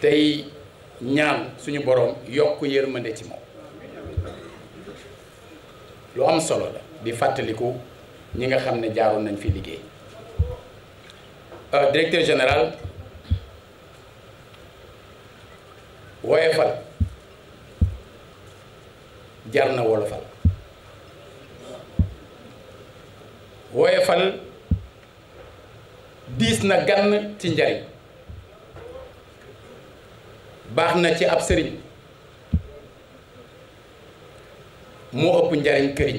tey ñaan suñu boroom yokk yërmande ci moom lu am solo la di fàttaliku ñi nga xam ne jaaroon nañ fi liggéey euh, directeur général woyofal jar na wolofal woyefal diis na gan ci njariñ baax na ci ab sëriñ moo ëpp njariñ këriñ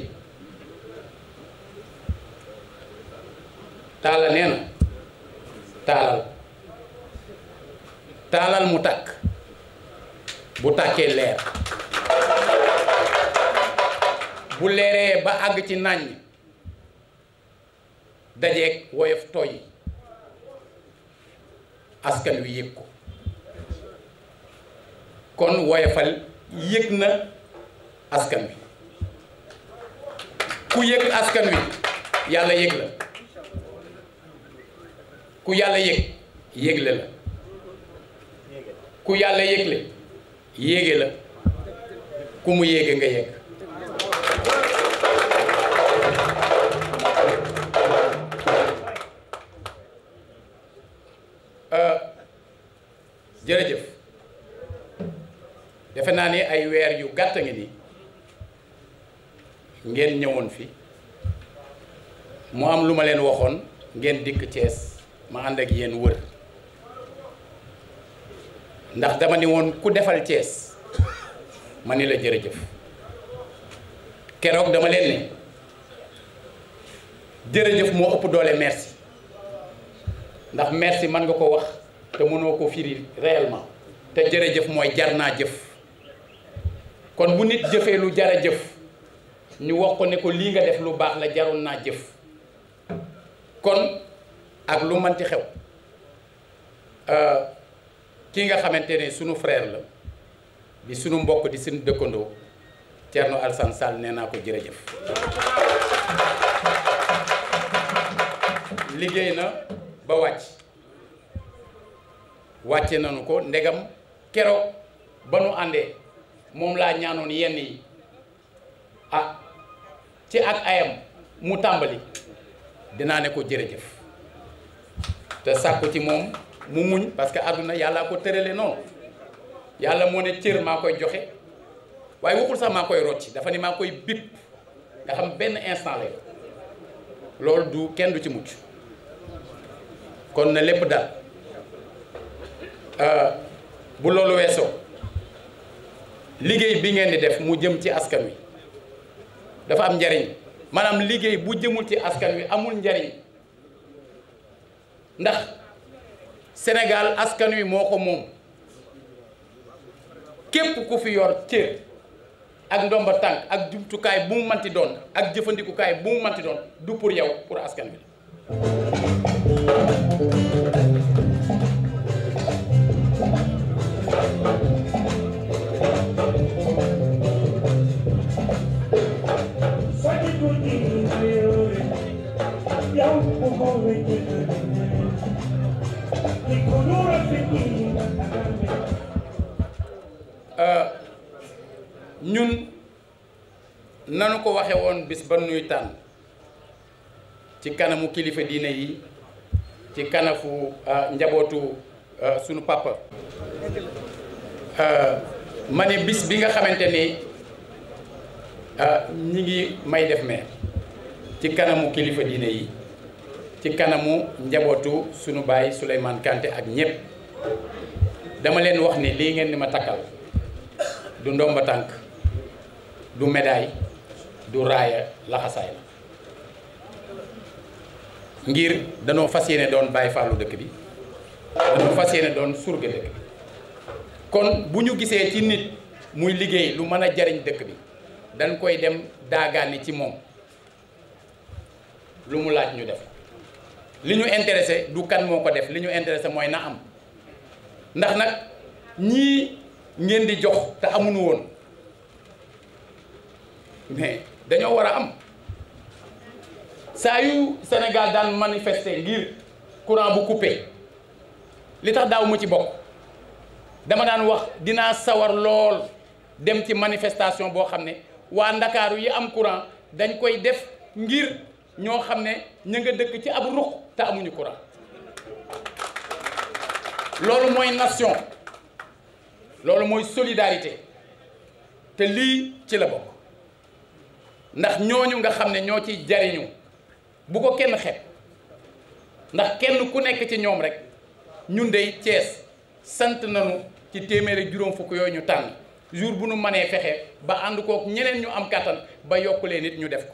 taala nee taalal taalal mu tàkk bu tàkkee leer bu leeree ba àgg ci nàññ dajeeg woyof tooy askan wi yëg ko kon woyofal yëg na askan wi ku yëg askan wi yàlla yëg la ku yàlla yëg yëgle la ku yàlla yëgle yéege la ku mu yéege nga yëg ne ay weer yu gàtt ngi ni ngeen ñëwoon fi mu am lu ma leen waxoon ngeen dikk Thiès ma ànd ak yéen wër ndax dama ni woon ku defal Thiès ma ni la jërëjëf keroog dama leen ne jërëjëf moo ëpp doole merci ndax merci mën nga ko wax te mënoo ko firi réellement te jërëjëf mooy jar naa jëf kon bu nit jëfee lu jara jëf ñu wax ko ne ko lii nga def lu baax la jaroon naa jëf kon ak lu manti xew euh, kii nga xamante ne sunu frère la bi sunu mbokk di sunu dëkkandoo Thierno nu Sall nee naa ko jërëjëf liggéey na ba wàcc wàcce nañu ko ndegam keroog ba nu àndee moom laa ñaanoon yenn yi ah ci ak ayam mu tàmbali dinaa ne ko jërëjëf te sàkku ci moom mu muñ parce que àdduna yàllaa ko tërale noonu yàlla moo ne cër maa koy joxe waaye waxul sax maa koy rocci dafa ni maa koy bip nga xam benn instant lay loolu du kenn du ci mucc kon na lépp dal euh, bu loolu weesoo liggéey bi ngeen di def mu jëm ci askan wi dafa am njariñ maanaam liggéey bu jëmul ci askan wi amul njariñ ndax Sénégal askan wi moo ko moom képp ku fi yor cër ak ndomba tànk ak jumtukaay bu mu manti doon ak jëfandikukaay bu mu manti doon du pour yow pour askan wi bis ba nuy tànn ci kanamu kilifa diine yi ci kanafu euh, njabootu euh, sunu papa euh, ma ne bis bi nga xamante ni ñi ngi may def maire ci kanamu kilifa diine yi ci kanamu njabootu sunu baay Souleymane Kanté ak ñëpp dama leen wax ni lii ngeen di ma takkal du ndomba tànk du médaille du raaya laxasaay la ngir danoo fas yéene doon bàyyi faalu dëkk bi danoo fas yéene doon surga dëkk bi kon bu ñu gisee ci nit muy liggéey lu mën a jariñ dëkk bi dañ koy dem daagaani ci moom lu mu laaj ñu def li ñu intéressé du kan moo ko def li ñu intéressé mooy na am ndax nag ñii ngeen di jox te amuñu woon dañoo war a am saa yu Sénégal daan manifester ngir courant bu coupé li tax daaw mu ci bokk dama daan wax dinaa sawar lool dem ci manifestation boo xam ne waa Ndakaaru yi am courant dañ koy def ngir ñoo xam ne ñu nga dëkk ci ab ruq te amuñu courant loolu mooy nation loolu mooy solidarité te lii ci la bokk ndax ñooñu nga xam ne ñoo ci jariñu bu ko kenn xeeb ndax kenn ku nekk ci ñoom rek ñun dey Cees sant nañu ci téeméer ak juróom fukk yooyu ñu tànn jour bu nu mënee fexe ba ànd kook ñeneen ñu am kàttan ba yokkulee nit ñu def ko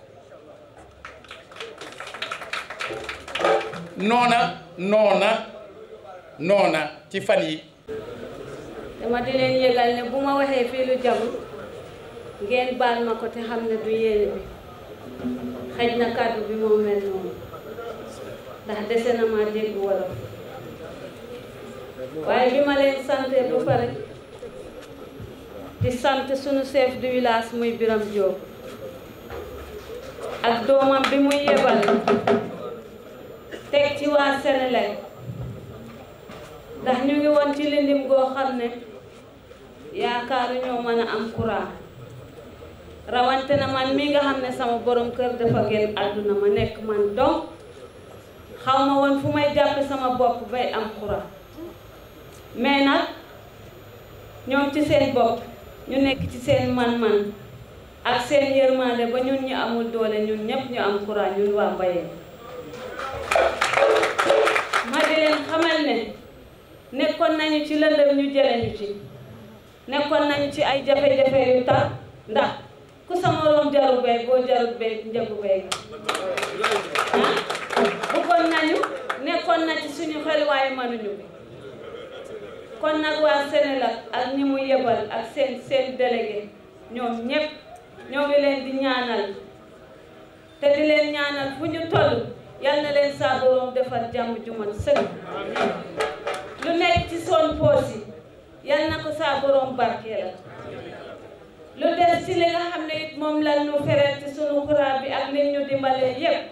noona noona noona ci fan yi dama di yëgal ne bu ma waxee fii lu jàmm ngeen baal ma ko te xam ne du yéene bi na kàddu bi moo mel noonu ndax dese na ma dégg wolof waaye bi ma leen sante bu pare di sant sunu chef du village muy Biram Diop ak doomam bi muy yebal teg ci waa Senelec ndax ñu ngi woon ci lindim goo xam ne yaakaaru ñoo mën a am courant rawante na man mi nga xam ne sama borom kër dafa génn àdduna ma nekk man donc xaw ma woon fu may jàppe sama bopp bay am xura mais nag ñoom ci seen bopp ñu nekk ci seen man-man ak seen yërmande ba ñun ñu amul doole ñun ñépp ñu am xura ñun waa Mbayeen ma xamal ne nekkoon nañu ci lëndëm ñu jële ñu ci nekkoon nañu ci ay jafe-jafe yu tax ndax ku sa moroom boo jaru bay njagu bay ah nañu nekkoon na ci suñu xel waaye mënuñu bi kon nag waa Sénélec ak ñi mu yebal ak seen seen ñoom ñépp ñoo leen di ñaanal te di leen ñaanal fu ñu toll yal na leen saa defar jàmm ju mat lu nekk ci son poos yi yal na ko saa boroom lu des si li nga xam ne moom lan ñu sunu courant bi ak leen ñu dimbalee yépp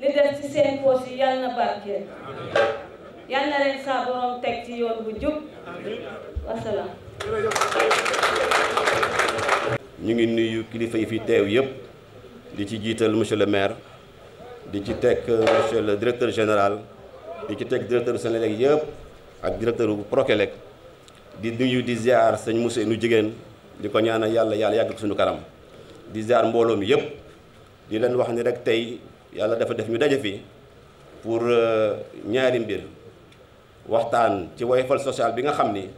li des ci seen poos yi yal na barkeel yal na leen saa borom teg ci yoon bu jub wasalaam ñu ngi nuyu kilifa yi fi teew yépp di ci jiital monsieur le maire di ci teg euh, monsieur le directeur général di ci teg directeur Senelec yépp ak directeur bu di nuyu di ziar sëñ Moussa nu jigéen di ko ñaanal yàlla yàlla yàgg suñu kanam di ziar mbooloo mi yëpp di leen wax ni rek tey yàlla dafa def ñu daje fi pour euh, ñaari mbir waxtaan ci Woyofal social bi nga xam ni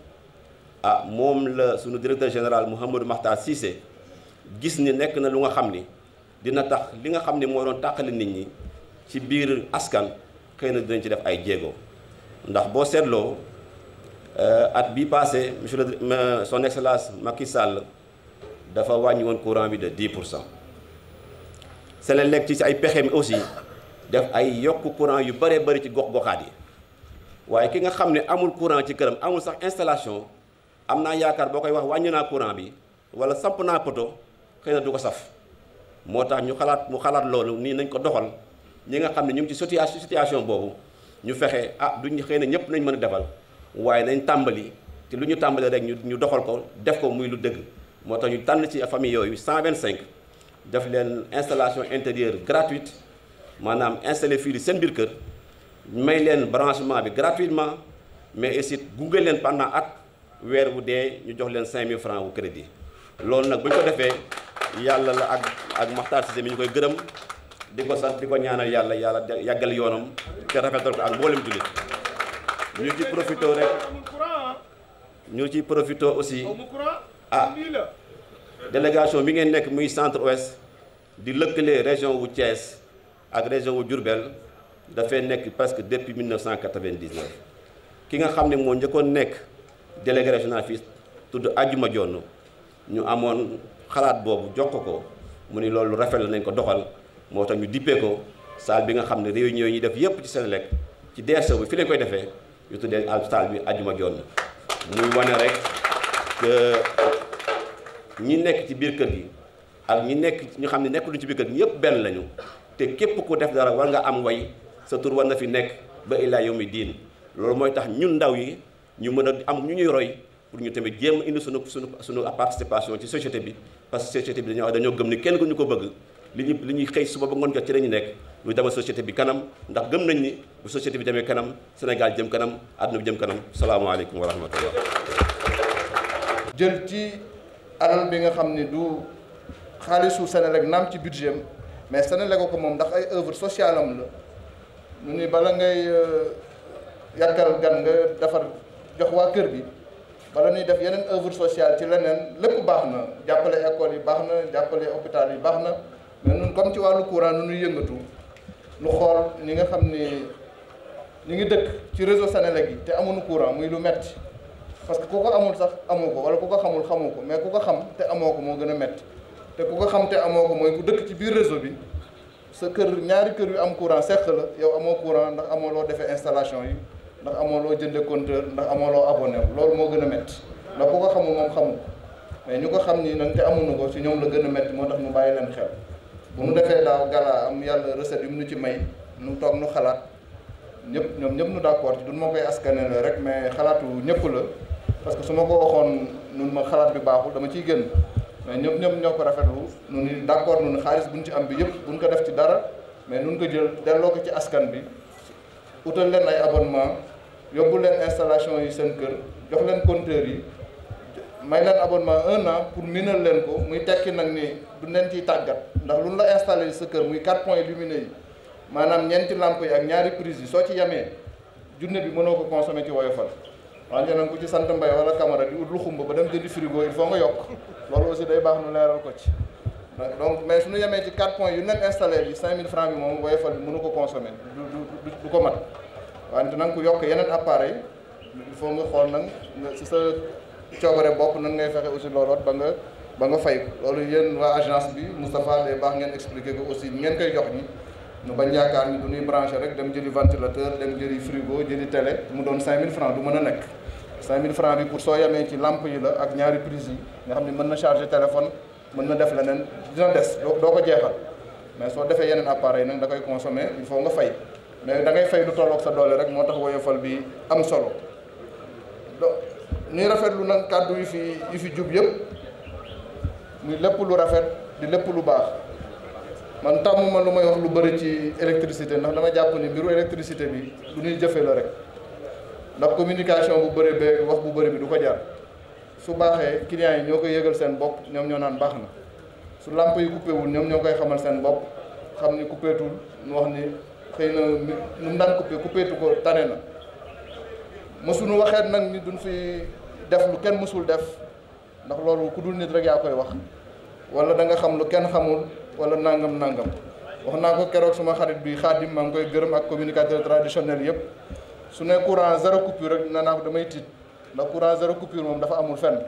ah moom la suñu directeur général Mouhamadou Makhtar Cissé gis ni nekk na lu nga xam ni dina tax li nga xam ni moo doon tàqali nit ñi ci biir askan xëy na dinañ ci def ay jéego ndax boo seetloo. Euh, at bi passé monsieur le son excellence Macky Sall dafa wàññi woon courant bi de 10 pour cent Senelec nekk ci ay pexee mi aussi def ay yokk courant yu bëree bëri ci gox-goxaat yi waaye ki nga xam ne amul courant ci këram amul sax installation am naa yaakaar boo koy wax wàññi naa courant bi wala samp naa poto xëy na du ko saf moo tax ñu xalaat mu xalaat loolu nii nañ ko doxal ñi nga xam ne ñu ngi ci situation situation boobu ñu fexe ah duñ xëy na ñëpp nañ mën a defal. waaye nañ tàmbali te lu ñu tàmbali rek ñu ñu doxal ko def ko muy lu dëgg moo tax ñu tànn ci famille yooyu cinq def leen installation intérieure gratuite maanaam installé fii seen biir kër may leen branchement bi gratuitement mais aussi gunge leen pendant at weer bu dee ñu jox leen cinq 5000 francs wu crédit loolu nag bu ñu ko defee yàlla la ak ak Makhtar Cissé mi ñu koy gërëm di ko sant di ko ñaanal yàlla yàlla yàggal yoonam te rafetal ko ak mboolem ñu ci profité rek ñu profité aussi ah délégation bi ngeen nekk muy centre ouest di lee région wu Thiès ak région wu Diourbel dafay nekk presque depuis 1999 ki nga xam ne moo njëkkoon nekk délégué régional tudd Adjuma Jonn ñu amoon xalaat boobu jox ko mu ni loolu rafet la nañ ko doxal moo tax ñu dippee ko salle bi nga xam ne réunion yi def yépp ci seen Senelec ci DSO bi fi lañ koy defee yu tuddee alstal bi ajuma jonn muy wane rek ñi nekk ci biir kër gi ak ñi nekk ñu xam ne nekk du ci biir kër gi yëpp benn lañu te képp ku def dara war nga am way sa tur war na fi nekk ba illaa yow mi diin loolu mooy tax ñun ndaw yi ñu mën a am ñu ñuy roy pour ñu tamit jéem indi sunu sunu sunu participation ci société bi parce que société bi dañoo dañoo gëm ni kenn ku ñu ko bëgg li ñu li ñuy xëy suba ba ngoon jot ci la ñu nekk lu demal société bi kanam ndax gëm nañ ni bu société bi demee kanam Sénégal jëm kanam àdduna bi jëm kanam salaamaaleykum wa rahmatullah jël ci alal bi nga xam ni du xaalisu Senelec naam ci budget mais Senelec ko moom ndax ay œuvre sociale am la ñu ni bala ngay euh, yàkkal gan nga defar jox waa kër bi bala ñuy def yeneen œuvre sociale ci leneen lépp baax na jàppale école yi baax na jàppale hôpital yi baax na mais ñun comme ci wàllu courant nu ñuy yëngatu lu xool ñi nga xam ne ñu ngi dëkk ci réseau Sénélec yi te amuñu courant muy lu metti parce que ku ko amul sax amoo ko wala ku ko xamul xamoo ko mais ku ko xam te amoo ko moo gën a metti te ku ko xam te amoo ko mooy ku dëkk ci biir réseau bi sa kër ñaari kër yu am courant seq la yow amoo courant ndax amoo defee installation yi ndax amoo loo jënde compteur ndax amoo loo loolu moo gën a metti ndax ku ko xamul moom xamul mais ñu ko xam ni nag te amuñu ko ci ñoom la gën a metti moo tax mu bàyyi leen xel bu mu defee daaw gala am yàlla recette yu mu nu ci may nu toog nu xalaat ñëpp ñoom ñëpp nu d'accord ci duñ ma koy askane la rek mais xalaatu ñëpp la parce que su ma ko waxoon nun ma xalaat bi baaxul dama ciy génn mais ñëpp ñëpp ñoo ko rafetlu nu ni d'accord nun xaalis buñ ci am bi yëpp buñ ko def ci dara mais nun ko jël delloo ko ci askan bi utal leen ay abonnement yóbbu leen installation yi seen kër jox leen compteur yi may leen abonnement un an pour minal leen ko muy tekki nag ni du leen ciy tàggat ndax lu nu la installé sa kër muy quatre points lumineux yi maanaam ñeenti lampe yi ak ñaari prise yi soo ci yemee junne bi mënoo ko consommer ci woyofal waaw ñeneen ku ci sant mbay wala camara di ut lu xumb ba dem jëndi frigo il faut nga yokk loolu aussi baax nu leeral ko ci donc mais suñu yemee ci 4 points yu nekk installé yi 5000 francs bi moom woyofal bi mënu ko consommer du du ko mat wante nag ku yokk yeneen appareil il faut nga xool nag si sa coobare bopp nan ngay fexe aussi looloot ba nga ba nga fay loolu yéen waa agence bi Moustapha day baax ngeen expliqué ko aussi ngeen koy jox ñi ñu bañ yaakaar ni du ñuy branché rek dem jëli ventilateur dem jëli frigo jëli télé mu doon 5000 francs du mën a nekk 5000 francs bi pour soo yamee ci lampe yi la ak ñaari prise yi nga xam ne mën na chargé téléphone mën na def leneen dina des doo ko jeexal mais soo defee yeneen appareil nag da koy consommé il faut fay mais da fay lu tolloog sa doole rek moo tax woyofal bi am solo ñuy rafetlu nag kàddu yu fi yu fi jub yëpp muy lépp lu rafet di lépp lu baax man tàmm ma lu may wax lu bëri ci électricité ndax dama jàpp ni mbiru électricité bi lu ñuy jëfe la rek ndax communication bu bëri bee wax bu bëri bi du ko jar su baaxee clients yi ñoo koy yëgal seen bopp ñoom ñoo naan baax na su làmp yi coupé ñoom ñoo koy xamal seen bopp xam ni coupé tul wax ni xëy na nu mu daan coupé coupé ko tane na mësuñu waxeet nag ni duñ fi def lu kenn mësul def ndax loolu ku dul nit rek yaa koy wax wala da nga xam lu kenn xamul wala nangam nangam wax naa ko keroog sama xarit bi Xaadim maa ngi koy gërëm ak communicateur traditionnel yëpp su ne courant zéro coupure rek nee ko damay tiit ndax courant zéro coupure moom dafa amul fenn.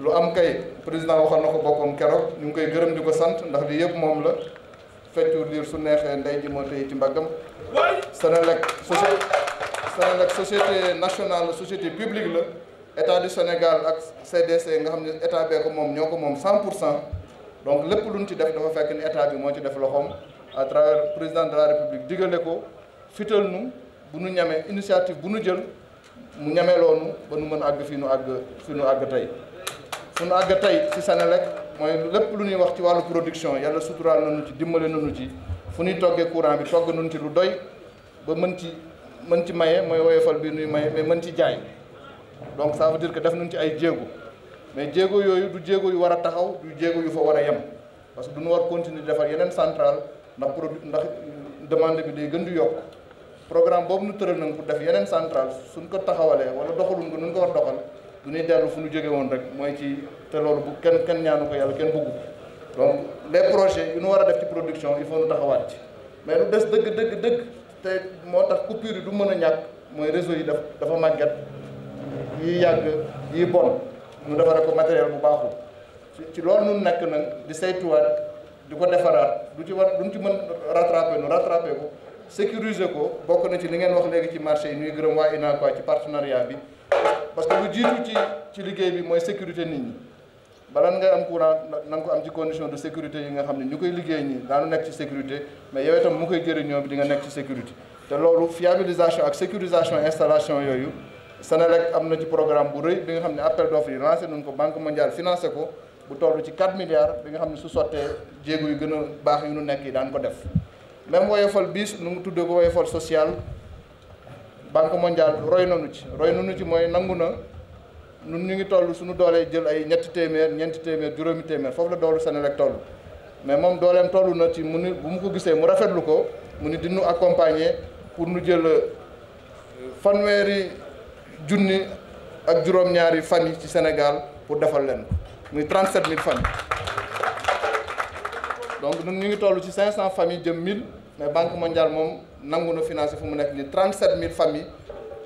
lu am kay président waxoon na ko boppam keroog ñu ngi koy gërëm di ko sant ndax li yëpp moom la feccu liir su neexee ndey ji moo tey ci mbaggam Senelec société le société nationale société publique la état du Sénégal ak CDC nga xam ne état bee ko moom ñoo ko moom cent pour cent donc lépp lu ñu ci def dafa fekk ni état bi moo ci def loxoom à travers président de la république digale ko fital nu bu nu ñamee initiative bu nu jël mu ñamee ba nu mën àgg fi nu àgg fi nu àgg tey fu nu àgg tey ci Senelec mooy lépp lu ñuy wax ci wàllu production yàlla suturaal nañu ci dimbale nañu ci fu ñuy toggee courant bi togg nañu ci lu doy ba mën ci mën ci maye mooy woyofal bi nuy maye mais mën ci jaay donc ça veut dire que def nañ ci ay jéego mais jéego yooyu du jéego yu war a taxaw du jéego yu fa war a yem parce que du ñu war continuer di defar yeneen centrale ndax produit ndax demande bi day gën di yokk programme boobu nu tëral nañ pour def yeneen central suñ ko taxawalee wala doxaluñ ko nu ko war doxal du ñuy dellu fu ñu jóge woon rek mooy ci te loolu bu kenn kenn ñaanu ko yàlla kenn bëggu donc les projets yu nu war a def ci production il faut nu ci mais lu dëgg dëgg dëgg te moo tax coupure yi du mën a ñàkk mooy réseau yi daf dafa màgget yi yàgg yi bon ñu defaree ko matériel bu baaxul ci loolu nun nekk nag di saytuwaat di ko defaraat du ci war duñ ci mën rattrapé nu rattrapé ko sécuriser ko bokk na ci ni ngeen wax léegi ci marché yi ñuy gërëm waa UNACOIS ci partenariat bi parce que lu jiitu ci ci liggéey bi mooy sécurité nit ñi bala ngay am courant na nga ko am ci condition de sécurité yi nga xam ne ñu koy liggéey ñi daanu nekk ci sécurité mais yow itam mu koy jëriñoo bi di nga nekk ci sécurité te loolu fiabilisation ak sécurisation installation yooyu Senelec am na ci programme bu rëy bi nga xam ne appel d'offre yi lancé nañ ko banque mondiale financé ko bu toll ci 4 milliards bi nga xam ne su sottee jéego yu gën a baax yu nu nekk yi daan ko def même woyofal biis nu mu tuddee ko woyofal social banque mondiale roy nu ci roy nanu ci mooy nangu na nun ñu ngi toll suñu doolee jël ay ñetti téeméer ñeenti téeméer juróomi téeméer foofu la doolu Senelec toll mais moom dooleem toll na ci mu ni bu mu ko gisee mu rafetlu ko mu ni dinu accompagner pour nu jël euh, fanweeri junni ak juróom-ñaari famille ci Sénégal pour defal leen muy 37000 familles donc ñun ñu ngi toll ci cinq 500 familles jëm 1000 mais banque mondiale moom nangu na financé fu mu nekk nii 37000 familles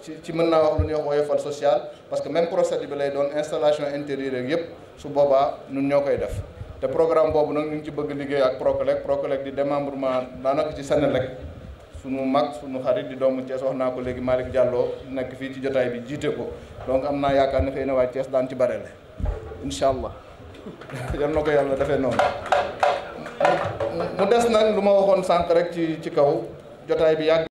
ci ci mën naa wax lu ñuy wax woyofal social parce que même procédé bi lay doon installation intérieure rek yëpp su boobaa ñun ñoo koy def te programme boobu nag ñu ngi ci bëgg liggéey ak Procolec Procolec di démembrement daanaka ci senn Sénélec sunu mag sunu xarit di doomu Thiès wax naa ko léegi Malick Diallo nekk fii ci jotaay bi jiite ko donc am naa yaakaar ne xëy na waa Thiès daan ci bareel incha allah yal na ko yàlla defee noonu mu des nag lu ma waxoon sànq rek ci ci kaw jotaay bi yàgg